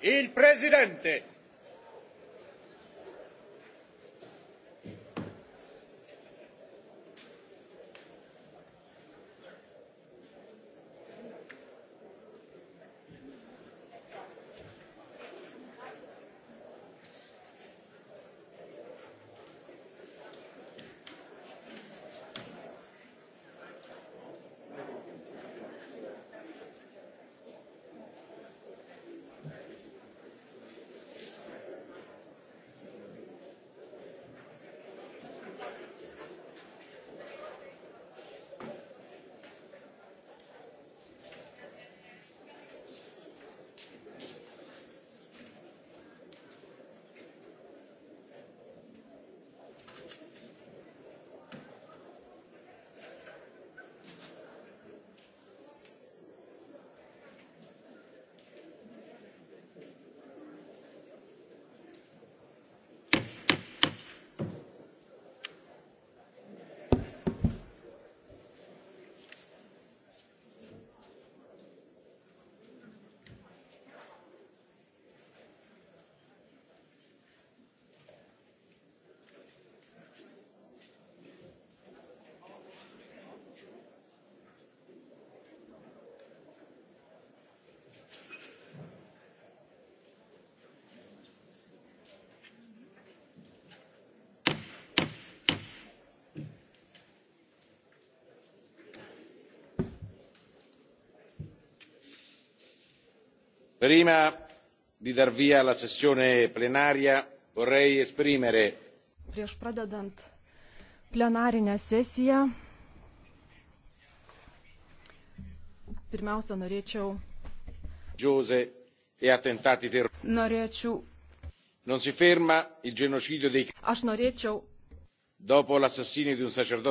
il presidente. prima di dar via alla sessione plenaria vorrei esprimere prieš pradedant plenarinę sesiją pirmiausia norėčiau e norėčiau non si ferma il genocidio dei aš norėčiau dopo l'assassinio di un sacerdote